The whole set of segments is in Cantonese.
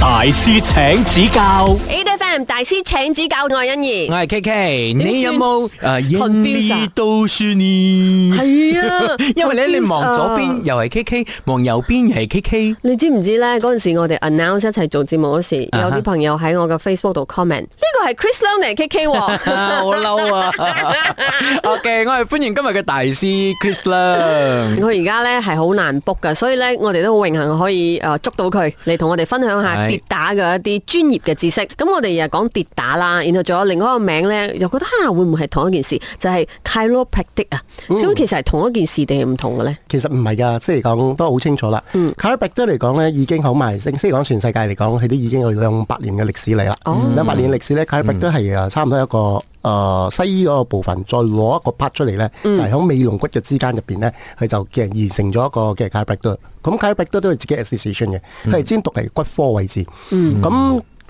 大師請指教，A. D. F. M. 大師請指教，愛欣兒，我係 K. K.，你有冇誒？應、uh, 都算呢？係啊，因為咧，confused、你望左邊又係 K. K.，望右邊又係 K. K.，你知唔知咧？嗰陣時我哋 announce 一齊做節目嗰時，uh -huh. 有啲朋友喺我嘅 Facebook 度 comment，呢、這個係 Chris Leong K. K.，好嬲啊 ！OK，我係歡迎今日嘅大師 Chris Leong 我而家咧係好難 book 噶，所以咧我哋都好榮幸可以誒、呃、捉到佢。嚟同我哋分享下跌打嘅一啲專業嘅知識。咁我哋又講跌打啦，然後仲有另外一個名呢，又覺得嚇、啊、會唔會係同一件事？就係、是、Chiropractic 啊、嗯。咁其實係同一件事定係唔同嘅呢？其實唔係㗎，即係講都好清楚啦。Chiro、嗯、practic 嚟講咧，已經好埋升，即係講全世界嚟講，佢都已經有兩百年嘅歷史嚟啦。兩、哦、百年歷史咧，Chiropractic 都係差唔多一個。誒西醫嗰個部分再攞、嗯、一個 part 出嚟咧，就喺尾龍骨嘅之間入邊，咧，佢就嘅完成咗一個嘅 chiropractor，咁 chiropractor 都係自己 association 嘅，佢係專讀係骨科位置，咁、嗯嗯。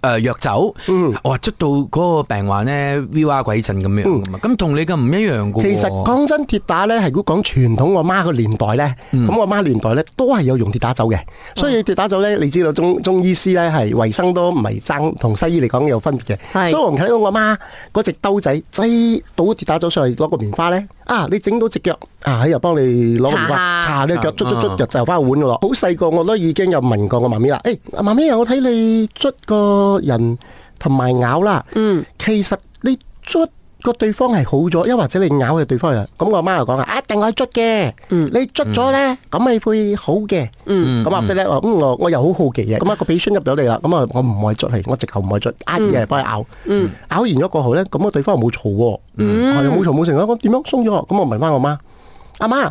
誒、呃，藥酒、嗯，哇，出到嗰個病患咧，V R 鬼震咁樣，咁、嗯、同你嘅唔一樣。其實講真打呢，鐵打咧，係如果講傳統我媽個年代咧，咁、嗯、我媽年代咧都係有用鐵打酒嘅，所以鐵打酒咧，你知道中中醫師咧係衛生都唔係爭，同西醫嚟講有分別嘅。所以我睇到我媽嗰隻兜仔擠倒鐵打酒上去攞個棉花咧。啊！你整到隻腳啊喺又幫你攞嚟擦，擦隻腳捽捽捽，腳、嗯、就翻碗噶咯。好細個我都已經有問過我媽咪啦。誒、欸，阿媽咪啊，我睇你捽個人同埋咬啦。嗯，其實你捽。個對方係好咗，因或者你咬嘅對方人，咁我阿媽又講啊，一定可以捉嘅，你捉咗咧，咁咪會好嘅，咁或者咧，嗯我我又好好奇啊，咁啊個鼻酸入咗嚟啦，咁啊我唔會捉嚟，我直頭唔會捉，嗌嘢幫佢咬，咬完咗過後咧，咁個對方又冇嘈，冇嘈冇成啊，我點樣鬆咗？咁我問翻我媽，阿媽。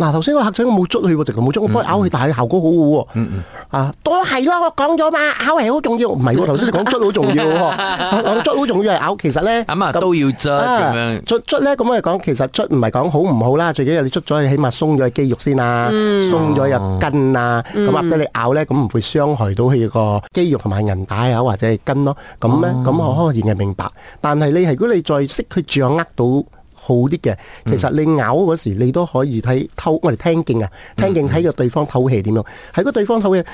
嗱，頭先個客仔我冇捽佢，直頭冇捽，我幫佢咬佢，但係效果好好喎。嗯嗯。啊，都係咯，我講咗嘛，咬係好重要，唔係喎。頭先你講捽好重要，喎，我講捽好重要係咬。其實咧，咁啊都要捽，咁樣捽捽咧，咁啊講，其實捽唔係講好唔好啦，最緊要你捽咗，起碼鬆咗個肌肉先啊，鬆咗又筋啊，咁啊得你咬咧，咁唔會傷害到佢個肌肉同埋韌帶啊，或者係筋咯。咁咧，咁我現係明白。但係你係如果你再識去掌握到。好啲嘅，其實你咬嗰時，你都可以睇透、嗯。我哋聽勁啊，聽勁睇個對方透氣點樣。喺個對方透氣。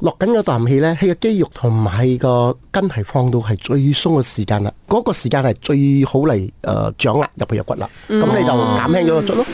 落緊嗰啖氣咧，係個肌肉同埋個筋係放到係最鬆嘅時間啦。嗰、那個時間係最好嚟誒、呃，掌握入去入骨啦。咁、嗯、你就減輕咗個足咯。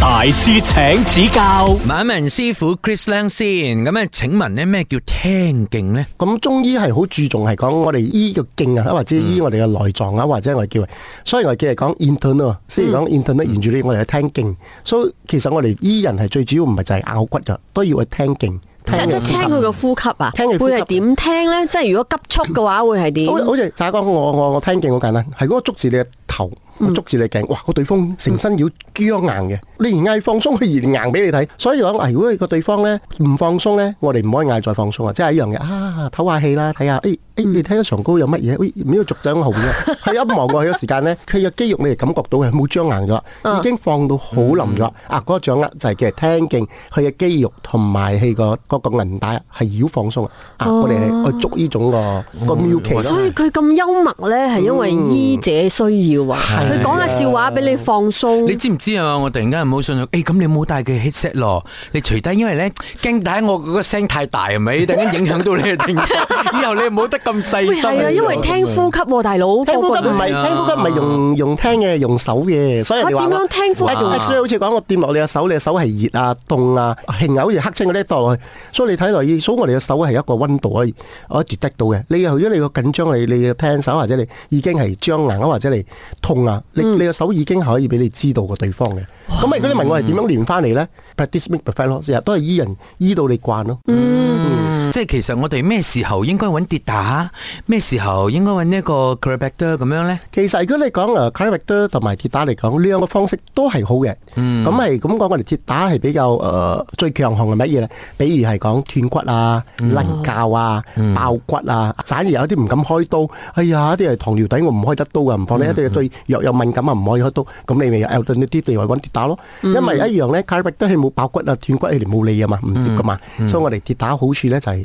大師請指教，問一問師傅 Chris Leong 先。咁咧，請問咧咩叫聽勁咧？咁中醫係好注重係講我哋醫個勁啊，或者醫我哋嘅內臟啊，或者我哋叫，所以我哋叫係講 intern 咯。雖然講 intern 都沿住呢，我哋嘅聽勁。所、so，以其實我哋醫人係最主要唔係就係拗骨噶，都要去聽勁。聽即聽佢個呼吸啊，聽吸會係點聽咧？即係如果急促嘅話會，會係點？好好似查哥，我我我聽勁好簡單啦，係嗰個捉住你嘅頭，捉、嗯、住你嘅頸，哇！對嗯、個對方成身要僵硬嘅，你而嗌放鬆，佢而硬俾你睇，所以講，如果個對方咧唔放鬆咧，我哋唔可以嗌再放鬆、就是、啊！即係一樣嘢啊，唞下氣啦，睇下誒。你睇下長高有乜嘢？喂，唔要逐漸紅嘅，係一望過去嘅時間咧，佢嘅肌肉你係感覺到係冇張硬咗，已經放到好腍咗。啊，嗰個掌握就係嘅聽勁，佢嘅肌肉同埋佢個個個韌帶係要放鬆啊！我哋係去捉呢種個個妙棋咯。所以佢咁幽默咧，係因為醫者需要啊。佢講下笑話俾你放鬆。你知唔知啊？我突然間唔好信佢。誒，咁你冇帶佢去 headset，你除低，因為咧驚帶我個聲太大，係咪？突然間影響到你哋，以後你冇得。咁細心係啊，因為聽呼吸喎，大佬。聽呼吸唔係聽呼吸唔係用用聽嘅，用手嘅。所以點樣聽呼吸啊？所以好似講我掂落你隻手，你隻手係熱啊、凍啊，係有啲黑青嗰啲墮落去。所以你睇落去，所以我哋嘅手係一個溫度可以 detect 到嘅。你如果你個緊張係你嘅聽手，或者你已經係僵硬啊，或者你痛啊，你你嘅手已經可以俾你知道個對方嘅。咁啊，如果你問我係點樣練返嚟咧？Practice make perfect 咯，成日都係醫人醫到你慣咯。嗯。即係其實我哋咩時候應該揾跌打，咩時候應該揾呢一個 chiropractor 咁樣咧？其實如果你講啊 chiropractor 同埋跌打嚟講，呢兩個方式都係好嘅。嗯，咁係咁講，我哋跌打係比較誒最強項係乜嘢咧？比如係講斷骨啊、甩骹啊、爆骨啊，反而有啲唔敢開刀。哎呀，啲係糖尿病，我唔開得刀噶唔放你一定對藥有敏感啊，唔可以開刀。咁你咪有呢啲地方揾跌打咯。因為一樣咧，chiropractor 係冇爆骨啊、斷骨，佢哋冇理啊嘛，唔接噶嘛。所以我哋跌打好處咧就係。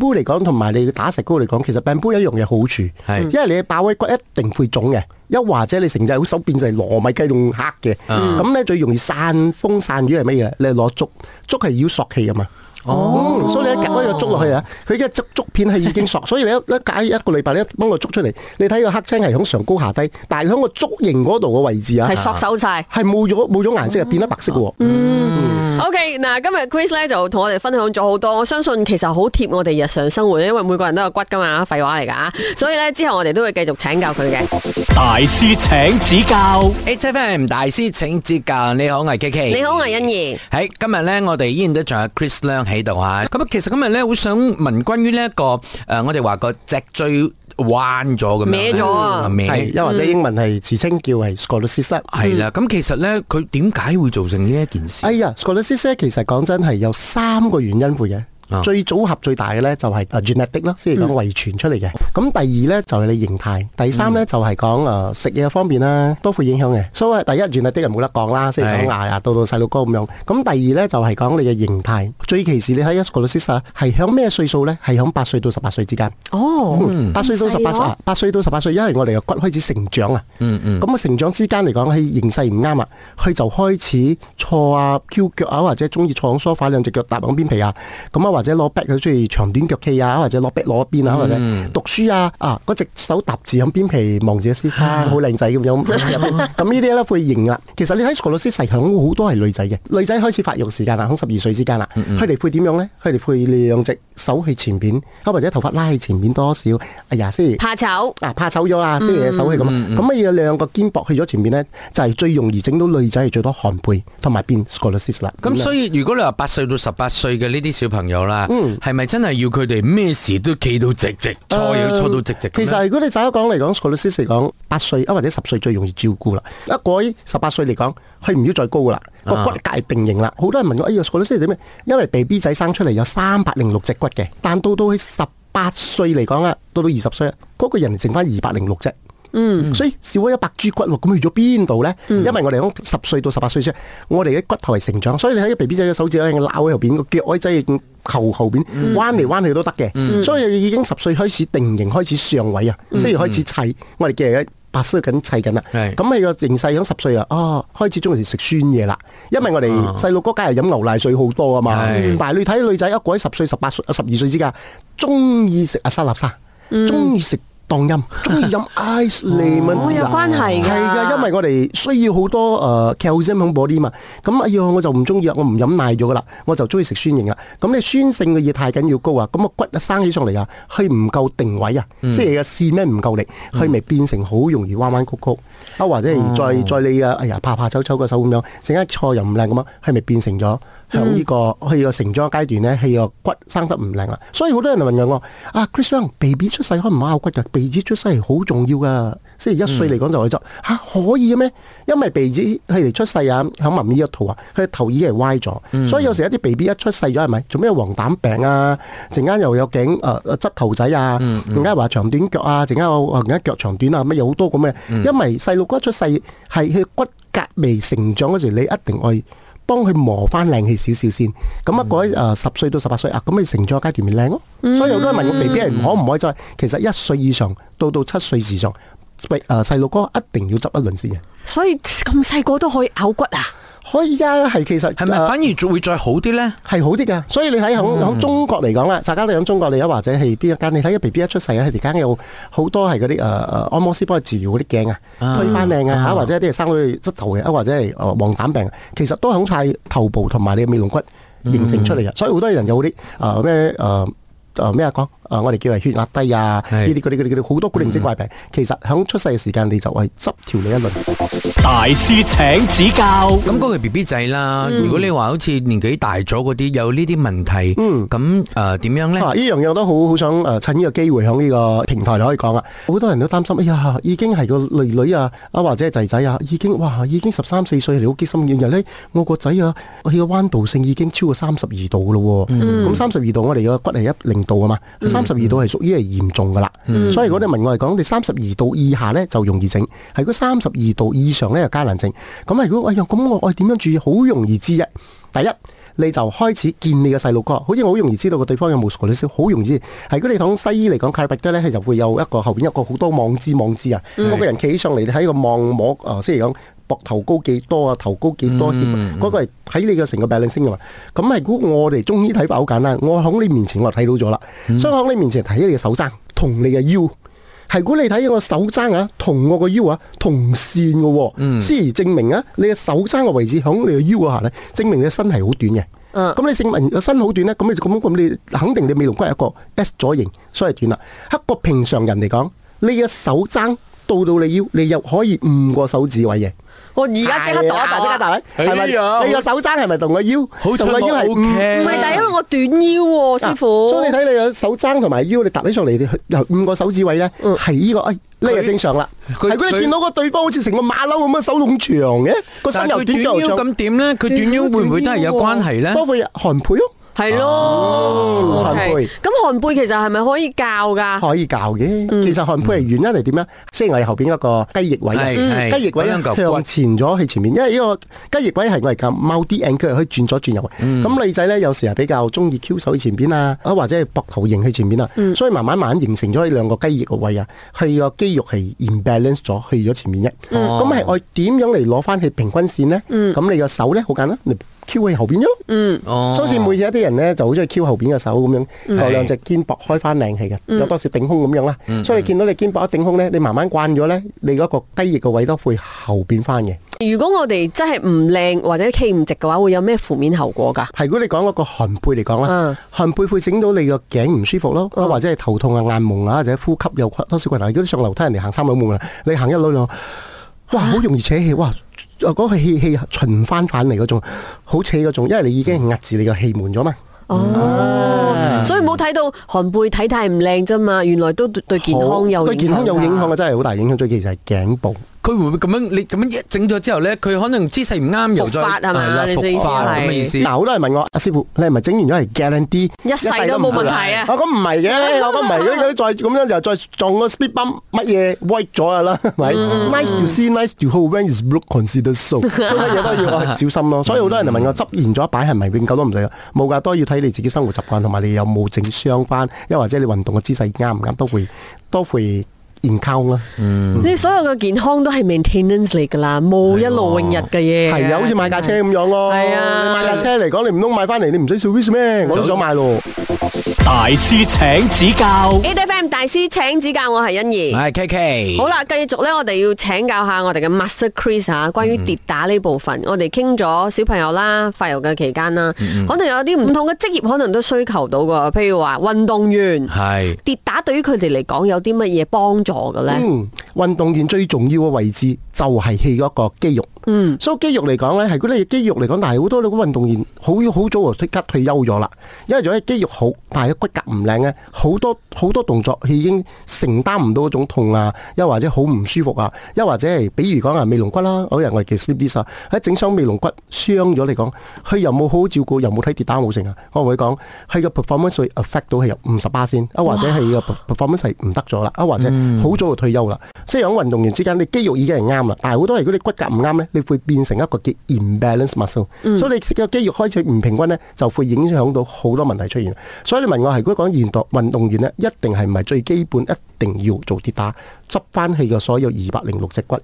煲嚟講同埋你打石膏嚟講，其實病杯有一樣嘢好處，係因為你爆位骨一定會腫嘅，又或者你成隻手變成糯米雞咁黑嘅，咁咧最容易散風散雨係咩嘢？你係攞竹，竹係要索氣啊嘛，哦，所以你一夾威個竹落去啊，佢嘅竹片係已經索，所以你一一隔一個禮拜，你一掹個竹出嚟，你睇個黑青係響上高下低，但係響個竹形嗰度嘅位置啊，係索手晒，係冇咗冇咗顏色，變咗白色喎。O K，嗱今日 Chris 咧就同我哋分享咗好多，我相信其實好貼我哋日常生活，因為每個人都有骨噶嘛，廢話嚟㗎所以咧之後我哋都會繼續請教佢嘅。大師請指教，H F M 大師請指教，你好，魏 K K，你好，魏欣怡。喺、hey, 今日咧，我哋依然都仲有 Chris 亮喺度啊。咁其實今日咧、呃，我想問關於呢一個我哋話個脊椎。彎咗咁樣，歪咗啊，係，又或者英文係、嗯、詞稱叫係 scoliosis，係啦。咁、嗯、其實咧，佢點解會造成呢一件事？哎呀 scoliosis 其實講真係有三個原因嘅。最組合最大嘅咧就係誒原力的咯，即係講遺傳出嚟嘅。咁、嗯、第二咧就係你形態，第三咧就係講誒食嘢方面啦，都、嗯、會影響嘅。所以第一原力的就冇得講啦，即係講牙牙到到細路哥咁樣。咁、嗯、第二咧就係講你嘅形態。嗯、最歧視你喺一個老師實係響咩歲數咧？係響八歲到十八歲之間。哦、嗯，八歲到十八歲，八、嗯、歲到十八歲，歲，歲，因為我哋嘅骨開始成長啊。咁、嗯、啊、嗯，成長之間嚟講，佢形勢唔啱啊，佢就開始坐啊翹腳啊，或者中意坐響梳化兩隻腳搭響邊皮啊。咁啊或者攞 back 佢中意長短腳 k e 啊，或者攞 b 攞一 k 邊啊，或者讀書啊、嗯、啊，嗰隻手揼字咁邊皮望住個先生，好、啊、靚仔咁樣。咁呢啲咧會型啦。其實你睇 scoliosis 實響好多係女仔嘅，女仔開始發育時間啦，響十二歲之間啦。佢、嗯、哋、嗯、會點樣咧？佢哋會兩隻手去前邊，或者頭髮拉喺前面多少？哎呀，師怕醜啊，怕醜咗啦，師姐、嗯、手去咁。咁啊，有、嗯嗯、兩個肩膊去咗前面咧，就係、是、最容易整到女仔係最多寒背同埋變 scoliosis 啦。咁所以如果你話八歲到十八歲嘅呢啲小朋友係、嗯、咪真係要佢哋咩事都企到直直，錯嘢錯到直直、嗯？其實如果你細一講嚟講，scoliosis 嚟講八歲啊或者十歲最容易照顧啦。一、那個十八歲嚟講，佢唔要再高噶啦，個、啊、骨架係定型啦。好多人問咗：「哎呀，scoliosis 點咩？因為 BB 仔生出嚟有三百零六隻骨嘅，但到到佢十八歲嚟講啊，到到二十歲，嗰、那個人剩翻二百零六隻。嗯，所以少咗一百支骨，咁去咗邊度咧？因為我哋講十歲到十八歲先，我哋嘅骨頭係成長，所以你睇啲 B B 仔嘅手指喺個喺入邊個腳仔，亦咁後後邊彎嚟彎去都得嘅、嗯。所以已經十歲開始定型，開始上位啊，即、嗯、係開始砌，嗯、我哋嘅係白色緊砌緊啦。咁你個形勢，咁十歲啊，哦，開始中意食酸嘢啦。因為我哋細路哥梗係飲牛奶水好多啊嘛，嗯、但係你睇女仔一個喺十歲、十八歲、十二歲之間，中意食啊沙拉沙，中意食。當 歡喝、 哦、音中意飲 ice lemon，冇有關係嘅，係㗎，因為我哋需要好多誒劇好聲恐嘛。咁、uh, 嗯、哎呀，我就唔中意，我唔飲奶咗噶啦，我就中意食酸型啊。咁、嗯嗯、你酸性嘅嘢太緊要高啊，咁、那個骨一生起上嚟啊，係唔夠定位啊、嗯，即係個視咩唔夠力，係、嗯、咪變成好容易彎彎曲曲啊？或者係再、哦、再,再你嘅哎呀，怕怕丑醜個手咁樣，成間錯又唔靚咁啊，係咪變成咗喺呢個係、嗯這個這個成長階段咧？係、這個骨生得唔靚啊？所以好多人問緊我啊，Chris Leong baby 出世可唔開骨㗎？鼻子出世係好重要噶，雖然一歲嚟講就可以，吓可以嘅咩？因為鼻子係嚟出世啊，響民醫一套啊，佢頭已係歪咗，所以有時一啲 B B 一出世咗，係咪做咩黃疸病啊？陣間又有頸誒誒，側頭仔啊，陣間話長短腳啊，陣間又講腳長短啊，乜嘢好多咁嘅，因為細路哥出世係佢骨骼未成長嗰時，你一定去。幫佢磨翻靚氣少少先，咁啊改誒十歲到十八歲啊，咁你成咗階段咪靚咯，所以我都係問我，BB 係唔可唔可以再，其實一歲以上到到七歲時上。喂，啊，細路哥一定要執一輪先嘅，所以咁細個都可以拗骨啊？可以啊，係其實係咪反而仲會再好啲咧？係好啲噶，所以你睇響響中國嚟講啦，大家你響中國你啊，或者係邊一間？你睇 B B 一出世啊，佢哋間有好多係嗰啲誒誒，按摩師幫佢治療嗰啲鏡啊，推翻命啊吓，或者啲係生到膝頭嘅，啊或者係誒黃疸病，其實都係好晒頭部同埋你嘅尾龍骨形成出嚟嘅，所以好多人有啲誒咩誒誒咩啊講。啊！我哋叫係血壓低啊！呢啲、啲、好多古靈精怪病，嗯、其實響出世嘅時間你就係執調理一輪。大師請指教。咁嗰個 B B 仔啦、嗯，如果你話好似年紀大咗嗰啲有呢啲問題，咁誒點樣呢？呢、啊、樣嘢我都好好想、啊、趁呢個機會響呢個平台嚟可以講啊！好多人都擔心，哎呀，已經係個女女啊，啊或者係仔仔啊，已經哇已經十三四歲你好激心嘅。然後、哎、我個仔啊，我佢嘅彎度性已經超過三十二度嘅咯喎。咁三十二度我哋嘅骨係一零度啊嘛。嗯三十二度係屬於係嚴重噶啦、嗯，所以如果問我哋文外嚟講，你三十二度以下呢就容易整，係嗰三十二度以上呢就加難整。咁如果哎呀，咁我我點樣注意？好容易知嘅，第一。你就開始建你嘅細路哥，好似我好容易知道個對方有冇骨你痠，好容易知道。係如果你講西醫嚟講，X 光咧就會有一個後邊一個好多望姿望姿啊，嗰、mm. 個人企起上嚟你睇個望膜，啊，即係講膊頭高幾多啊，頭高幾多，嗰、mm. 個係睇你嘅成個病 a l a 先嘅嘛。咁係估我哋中醫睇法好簡單，我喺你面前我睇到咗啦，mm. 所以喺你面前睇你嘅手踭同你嘅腰。係果你睇我手踭啊，同我個腰啊，同線嘅、哦，嗯，斯而證明啊，你嘅手踭嘅位置響你個腰嗰下咧，證明你嘅身係好短嘅，咁、嗯、你證明個身好短咧，咁你就咁咁你肯定你尾龍骨係一個 S 左形，所以短啦。一個平常人嚟講，你一手踭到到你腰，你又可以五個手指位嘅。我而家即刻大，即刻大位，係咪？你個手踭係咪同個腰？同個腰，係唔係？唔係，但係因為我短腰喎，師傅。所以你睇你個手踭同埋腰，你搭起上嚟，有五個手指位咧，係依個，呢個正常啦。係如果你見到個對方好似成個馬騮咁樣手咁長嘅，個身又短腰咁點咧？佢短腰會唔會都係有關係咧？包括韓配咯。係咯，寒背。咁寒背其實係咪可以教㗎？可以教嘅。其實寒背係源於嚟點啊？即係我哋後邊一個雞翼位，雞翼位向向前咗去前面，因為呢個雞翼位係我哋咁，某啲 angle 可以轉左轉右。咁女仔咧有時係比較中意 Q 手喺前邊啊，或者係膊頭型喺前邊啊，所以慢慢慢形成咗呢兩個雞翼嘅位啊，係個肌肉係 imbalance 咗去咗前面啫。咁係我點樣嚟攞翻佢平均線咧？咁你個手咧好簡單。翹喺後邊啫，嗯，哦，所以每次一啲人咧就好中意翹後邊嘅手咁樣，有兩隻肩膊開翻靚氣嘅，有多少頂胸咁樣啦。所以你見到你肩膊一頂胸咧，你慢慢慣咗咧，你嗰個雞翼嘅位都會後邊翻嘅。如果我哋真係唔靚或者企唔直嘅話，會有咩負面後果噶？係如果你講一個寒背嚟講啦，寒背會整到你個頸唔舒服咯，或者係頭痛啊、眼蒙啊，或者呼吸又多少困難。如果你上樓梯人哋行三樓冇問題，你行一樓，哇，好容易扯氣，哇！嗰、那個氣氣循環返嚟嗰種，好似嗰種，因為你已經壓住你個氣門咗嘛。哦，嗯、所以冇睇到寒背體態唔靚啫嘛，原來都對健康有，影響對健康有影響嘅、啊，真係好大影響。最其實係頸部。佢會唔會咁樣？你咁樣一整咗之後咧，佢可能姿勢唔啱，又再復發係咪？復發咁嘅意思。嗱，好多人問我：阿師傅，你係咪整完咗係 get 靚啲，一世都冇問題啊？我咁唔係嘅，我咁唔係，佢佢再咁樣又再撞個 speed bump 乜嘢歪咗啊啦？咪 nice to see，nice to hold，when is broken，so 做乜嘢都要小心咯。所以好多人都問我執完咗一擺係咪永久都唔得㗎？冇㗎，都要睇你自己生活習慣同埋你有冇整傷翻，又或者你運動嘅姿勢啱唔啱，都會都會。健康，嗯，你所有嘅健康都係 maintenance 嚟噶啦，冇一勞永逸嘅嘢。係啊，好似，啊、買架車咁樣咯。係啊，啊你買架車嚟講，你唔通買翻嚟，你唔使 service 咩？我都想買咯。大師請指教，A. F. M. 大師請指教，我係欣怡，係 KK 好啦，繼續咧，我哋要請教下我哋嘅 Master Chris 啊關於跌打呢部分，嗯，我哋傾咗小朋友啦，發育嘅期間啦，嗯，嗯，可能有啲唔同嘅職業，可能都需求到噶，譬如話運動員，係跌打對於佢哋嚟講有啲乜嘢幫助？嗯，運動員最重要嘅位置。就係氣嗰個肌肉，嗯，所以肌肉嚟講咧，係嗰啲肌肉嚟講，但係好多嗰啲運動員好好早就即刻退休咗啦。因為咗啲肌肉好，但係骨骼唔靚咧，好多好多動作佢已經承擔唔到嗰種痛啊，又或者好唔舒服啊，又或者係比如講啊，尾龍骨啦，有人我哋叫 slip disc 喺整傷尾龍骨傷咗嚟講，佢又冇好好照顧，又冇睇跌打冇成啊，可能會講，佢個 performance 會 affect 到佢入五十八先，啊或者係個 performance 係唔得咗啦，啊或者好早就退休啦。即係喺運動員之間，你肌肉已經係啱，但係好多如果你骨骼唔啱呢，你會變成一個嘅 imbalance muscle，、嗯、所以你個肌肉開始唔平均呢，就會影響到好多問題出現。所以你問我係，如果講現代運動員呢，一定係唔係最基本，一定要做跌打執翻起嘅所有二百零六隻骨？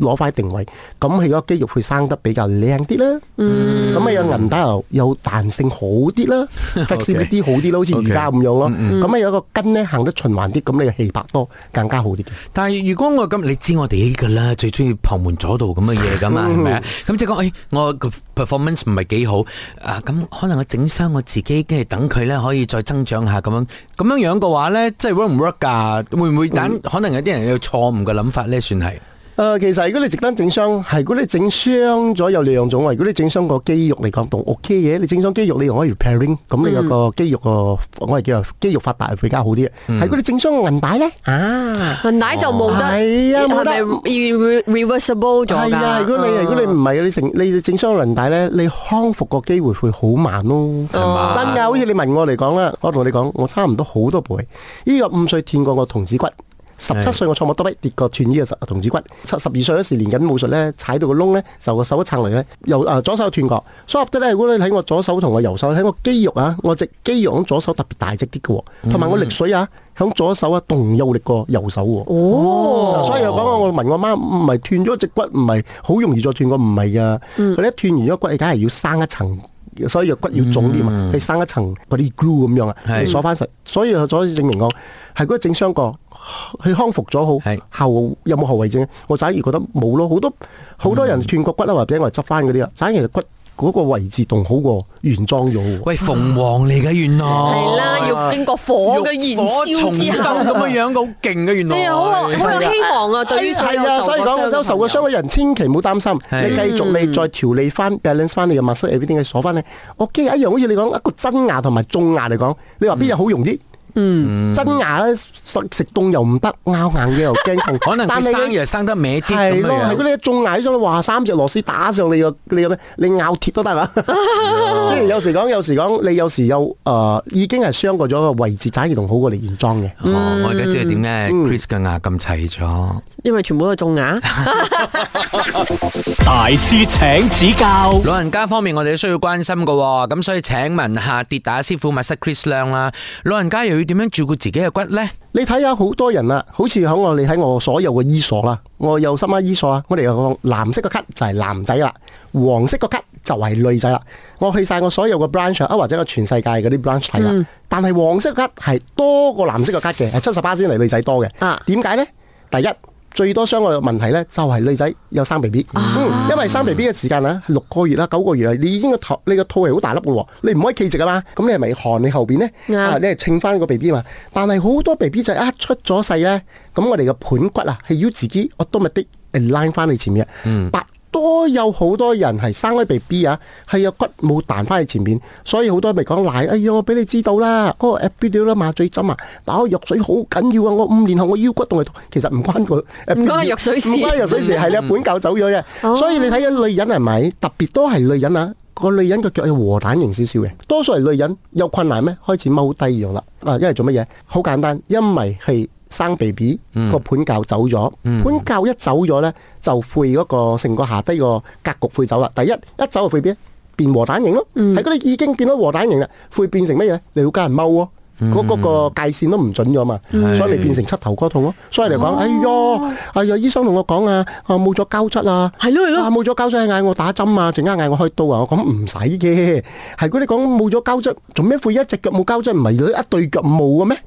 攞塊定位，咁佢個肌肉會生得比較靚啲啦。咁、嗯、啊有銀帶又彈性好啲啦 flexibility 好啲咯，似而家咁樣咯。咁啊有個筋咧行得循環啲，咁嘅氣脈多更加好啲。但係如果我咁，你知我哋啲噶啦，最中意旁門左道咁嘅嘢噶嘛，係咪啊？咁即係講，哎，我的 performance 唔係幾好啊，咁可能我整傷我自己，跟住等佢咧可以再增長一下咁樣。咁樣樣嘅話咧，即係 work 唔 work 㗎、啊？會唔會、嗯、可能有啲人有錯誤嘅諗法咧，算係。誒、呃，其實如果你直登整傷，係如果你整傷咗有兩種啊。如果你整傷個肌肉嚟講，都 OK 嘅。你整傷肌肉，你用可以 repairing，咁、嗯、你有個肌肉個，我係叫肌肉發達比較好啲。係、嗯、如果你整傷個韌帶咧，啊，韌帶就冇得，係啊冇得，要 reversible 咗。係啊，如果你、嗯、如果你唔係你整你整傷個韌帶咧，你康復個機會會好慢咯，係嘛？真噶，好似你問我嚟講啦，我同你講，我差唔多好多倍。呢個五歲斷過個童子骨。十七歲我錯木多逼跌過斷呢個同童子骨，七十二歲嗰時練緊武術咧，踩到個窿咧，就個手一撐嚟咧，右誒、呃、左手斷過。所以阿爹咧，如果你睇我左手同我右手，睇我肌肉啊，我隻肌肉響、啊、左手特別大隻啲嘅，同、嗯、埋我力水啊，響左手啊，動右力過右手、啊。哦、啊，所以我講我問我媽，唔係斷咗隻骨，唔係好容易再斷過，唔係噶。佢一斷完咗骨，你梗係要生一層，所以個骨要腫啲嘛，係、嗯、生一層嗰啲 glue 咁樣啊，鎖翻實，所以所以證明我。係嗰個整傷過，佢康復咗好，後有冇後遺症？我反而覺得冇咯，好多好多人斷個骨啦，或者俾我執翻嗰啲啊，反、嗯、而骨嗰個位置仲好過原裝咗。喂，鳳凰嚟嘅原來係啦， 要經過火嘅燃燒之後咁嘅樣，好勁嘅原來、啊。好有希望啊。係 啊，所以講收受過傷嘅人，千祈唔好擔心，你繼續你再調理翻，balance 翻你嘅物質你邊啲嘅鎖翻咧。我今一樣好似你講，一個真牙同埋種牙嚟講，你話邊日好容易。嗯嗯，真牙食凍又唔得，咬硬嘅又驚痛。可能佢生生得歪啲係如果你， 你一種牙上，話三隻螺絲打上你你咩？你咬鐵都得啦。即、啊、然、啊、有時講，有時講，你有時又誒、呃，已經係傷過咗個位置，仔而仲好過你原裝嘅。我而家知點解，Chris 嘅牙咁齊咗，因為全部都係種牙。 大師請指教，老人家方面我哋需要關心喎。咁所以請問下跌打師傅 Master Chris 亮啦，老人家又要。點樣照顧自己嘅骨呢？你睇下好多人啊，好似喺我你睇我，我，我，我，我所有嘅醫所啦，我有心啊醫所啊，我哋有藍色嘅 cut 就係男仔啦，黃色嘅 cut 就係女仔啦。我去晒我所有嘅 branch 啊，或者我全世界嗰啲 branch 睇啦、嗯，但係黃色嘅 cut 係多過藍色嘅 cut 嘅，係七十八先嚟女仔多嘅。啊，點解呢？第一。最多傷害嘅問題咧，就係女仔有生 BB，因為生 BB 嘅時間啊，六個月啦，九個月啊，你已經個肚，你個肚係好大粒嘅，你唔可以企直啦嘛，咁你係咪寒你後面呢、啊、你後邊咧？你係稱翻個 BB 嘛？但係好多 BB 就係一出咗世咧，咁我哋嘅盤骨啊，係要自己我都咪的 line 翻你前面，嗯。多有好多人係生咗 B B 啊，係個骨冇彈翻去前面，所以好多人咪講奶，哎呀我俾你知道啦，嗰、那個 A P 料啦，麻醉針啊，打個藥水好緊要啊，我五年後我腰骨痛係，其實唔關佢唔關藥水事，唔關藥水事係你本舊走咗嘅，所以你睇下女人係咪，特別都係女人啊。個女人嘅腳係和蛋型少少嘅，多數係女人有困難咩？開始踎低咗啦，啊，因為做乜嘢？好簡單，因為係生 BB、嗯、個盤教走咗，盤、嗯、教一走咗咧就會嗰個成個下低個格局會走啦。第一一走就會變，變和蛋型咯。係嗰啲已經變咗和蛋型啦，會變成乜嘢？你要加人踎喎、啊。嗰嗰個界線都唔準咗嘛，所以咪變成膝頭哥痛咯。所以嚟講，哎呦，哎呀，醫生同我講啊，啊冇咗膠質啊，係咯係咯，冇咗膠質，嗌我打針啊，陣間嗌我開刀啊。我講唔使嘅，係嗰啲講冇咗膠質，做咩會一隻腳冇膠質，唔係兩一對腳冇嘅咩？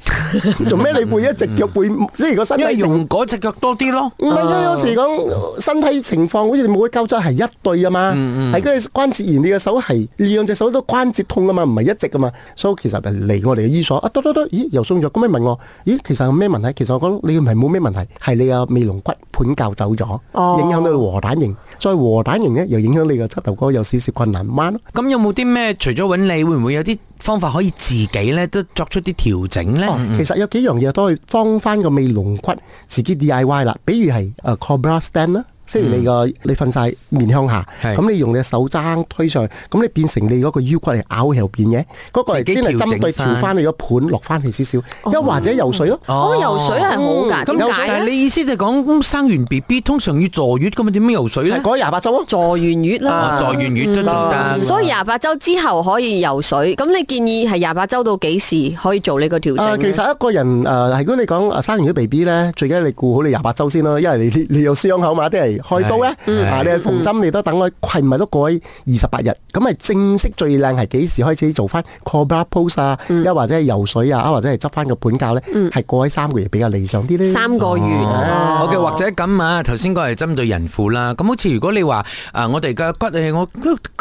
做咩你會一隻腳會即係個身體用嗰隻腳多啲咯？唔係啊，有時講身體情況，好似你冇咗膠質係一對啊嘛，係嗰啲關節炎，你嘅手係兩隻手都關節痛啊嘛，唔係一隻啊嘛。所以其實嚟我哋嘅醫所。啊，多多多，咦，又鬆咗，咁你問我，咦，其實有咩問題？其實我覺得你唔係冇咩問題，係你個尾龍骨盤教走咗，哦，影響到個和彈型，再和彈型咧，又影響你個膝頭哥，有少少困難彎咯。咁有冇啲咩？除咗揾你，會唔會有啲方法可以自己呢都作出啲調整呢？oh, 嗯？其實有幾樣嘢都可以放翻個尾龍骨自己 D I Y 啦，比如係，uh, Cobra Stand 啦。雖然你個你瞓晒面向下，咁你用隻手踭推上去，咁你變成你嗰個腰骨嚟，拗喺後邊嘅，嗰個係先係針對調翻你個盤落翻去少少，又或者游水咯。哦，游水係好噶，咁但係你意思就講生完 B B 通常要坐月噶嘛，點樣游水咧？嗰廿八周咯，坐完月啦，坐完月都仲得。所以廿八周之後可以游水，咁你建議係廿八周到幾時可以做呢個調整咧？其實一個人誒，係如果你講生完 B B 咧，最緊要你顧好你廿八周先咯，因為你你有傷口嘛，啲人。開刀咧，啊你係縫針，你都等佢係咪都過咗二十八日？咁咪正式最靚係幾時開始做翻 Cobra pose 啊？又或者係游水啊，或者係執翻個本教咧，係過咗三個月比較理想啲咧。三個月，好嘅，或者咁啊。頭先個係針對孕婦啦。咁好似如果你話啊，我哋嘅骨誒，我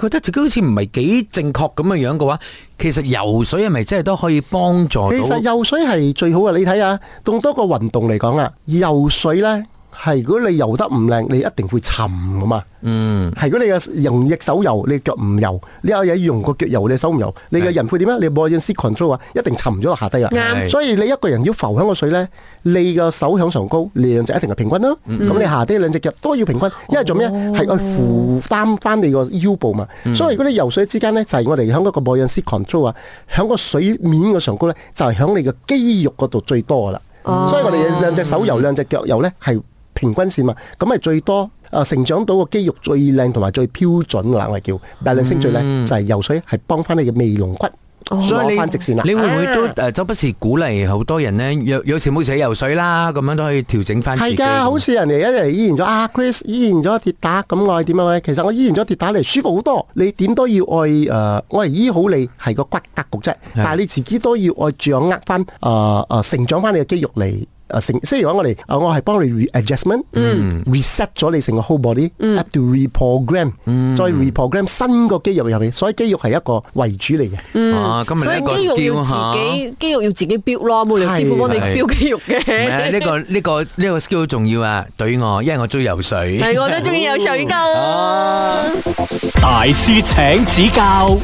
覺得自己好似唔係幾正確咁嘅樣嘅話，其實游水係咪真係都可以幫助到？其實游水係最好啊！你睇下，咁多個運動嚟講啊，游水咧。係如果你游得唔靚，你一定會沉㗎嘛。嗯，係如果你嘅用隻手游，你腳唔游，你有嘢用個腳游，你手唔游，你嘅人會點樣？你 buoyancy control 啊，一定沉咗下低啊。啱，所以你一個人要浮響個水咧，你個手響上高，你兩隻一定係平均囉。咁、嗯、你下低兩隻腳都要平均，嗯、因為做咩咧？係去負擔翻你個腰部嘛。嗯、所以如果你游水之間咧，就係、是、我哋喺一個 buoyancy control 啊，喺個水面嘅上高咧，就係、是、響你嘅肌肉嗰度最多噶啦、嗯。所以我哋兩隻手游，兩隻腳游咧係。平均線嘛，咁係最多啊，成長到個肌肉最靚同埋最標準啦，我哋叫大靚星，最靚就係游水，係幫翻你嘅尾龍骨，攞翻直線啦。你會唔會都誒周不時鼓勵好多人咧？有有時冇時游水啦，咁樣都可以調整翻。係㗎，好似人哋一陣醫完咗啊，Chris 醫完咗鐵打咁，我係點樣咧？其實我醫完咗鐵打嚟舒服好多。你點都要愛誒，我係醫好你係個骨格局啫。但係你自己都要愛掌握翻誒誒成長翻你嘅肌肉嚟。啊成，即係如果我哋，我係幫你 re adjustment，reset 咗你成個 whole body，up toreprogram，再 reprogram 新個肌肉入去，所以肌肉係一個為主嚟嘅。嗯，所以肌肉要自己，肌肉要自己 build 咯，冇你師傅幫你 build 肌肉嘅。咩？呢個呢個呢個 skill 好重要啊！對於我，因為我中意游水。係我都中意游水噶。大師請指教。